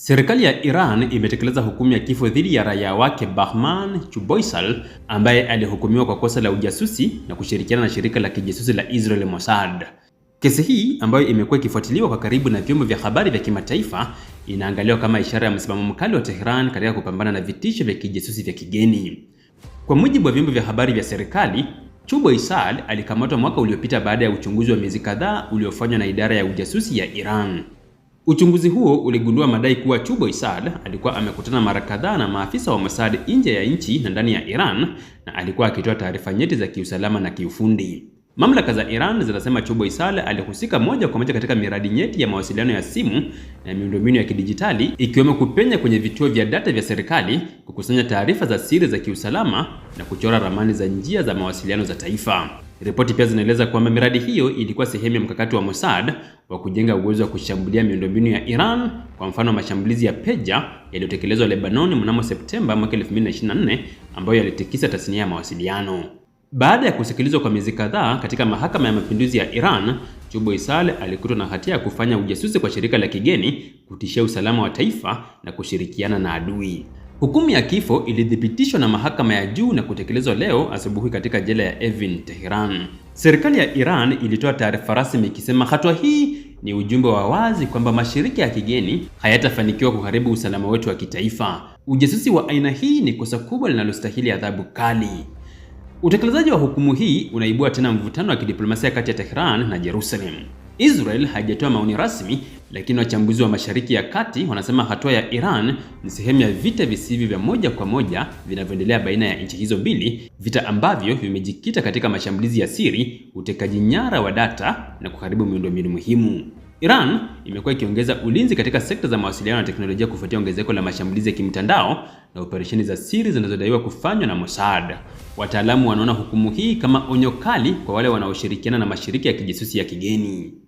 Serikali ya Iran imetekeleza hukumu ya kifo dhidi ya raia wake Bahman Chuboisal ambaye alihukumiwa kwa kosa la ujasusi na kushirikiana na shirika la kijasusi la Israel Mossad. Kesi hii ambayo imekuwa ikifuatiliwa kwa karibu na vyombo vya habari vya kimataifa inaangaliwa kama ishara ya msimamo mkali wa Tehran katika kupambana na vitisho vya kijasusi vya kigeni. Kwa mujibu wa vyombo vya habari vya serikali, Chuboisal alikamatwa mwaka uliopita baada ya uchunguzi wa miezi kadhaa uliofanywa na idara ya ujasusi ya Iran. Uchunguzi huo uligundua madai kuwa Chubo Isad alikuwa amekutana mara kadhaa na maafisa wa Mossad nje ya nchi na ndani ya Iran na alikuwa akitoa taarifa nyeti za kiusalama na kiufundi. Mamlaka za Iran zinasema Chubo Isad alihusika moja kwa moja katika miradi nyeti ya mawasiliano ya simu na miundombinu ya kidijitali ikiwemo kupenya kwenye vituo vya data vya serikali, kukusanya taarifa za siri za kiusalama na kuchora ramani za njia za mawasiliano za taifa. Ripoti pia zinaeleza kwamba miradi hiyo ilikuwa sehemu ya mkakati wa Mossad wa kujenga uwezo wa kushambulia miundombinu ya Iran, kwa mfano mashambulizi ya Peja yaliyotekelezwa Lebanoni mnamo Septemba mwaka 2024 ambayo yalitikisa tasnia ya mawasiliano. Baada ya kusikilizwa kwa miezi kadhaa katika mahakama ya mapinduzi ya Iran, Chubo Isal alikutwa na hatia ya kufanya ujasusi kwa shirika la kigeni, kutishia usalama wa taifa na kushirikiana na adui. Hukumu ya kifo ilithibitishwa na mahakama ya juu na kutekelezwa leo asubuhi katika jela ya Evin, Tehran. Serikali ya Iran ilitoa taarifa rasmi ikisema hatua hii ni ujumbe wa wazi kwamba mashirika ya kigeni hayatafanikiwa kuharibu usalama wetu wa kitaifa. Ujasusi wa aina hii ni kosa kubwa linalostahili adhabu kali. Utekelezaji wa hukumu hii unaibua tena mvutano wa kidiplomasia kati ya Tehran na Jerusalem. Israel haijatoa maoni rasmi, lakini wachambuzi wa Mashariki ya Kati wanasema hatua ya Iran ni sehemu ya vita visivyo vya moja kwa moja vinavyoendelea baina ya nchi hizo mbili, vita ambavyo vimejikita katika mashambulizi ya siri, utekaji nyara wa data na kuharibu miundombinu muhimu. Iran imekuwa ikiongeza ulinzi katika sekta za mawasiliano na teknolojia kufuatia ongezeko la mashambulizi ya kimtandao na operesheni za siri zinazodaiwa kufanywa na Mossad. Wataalamu wanaona hukumu hii kama onyo kali kwa wale wanaoshirikiana na mashirika ya kijasusi ya kigeni.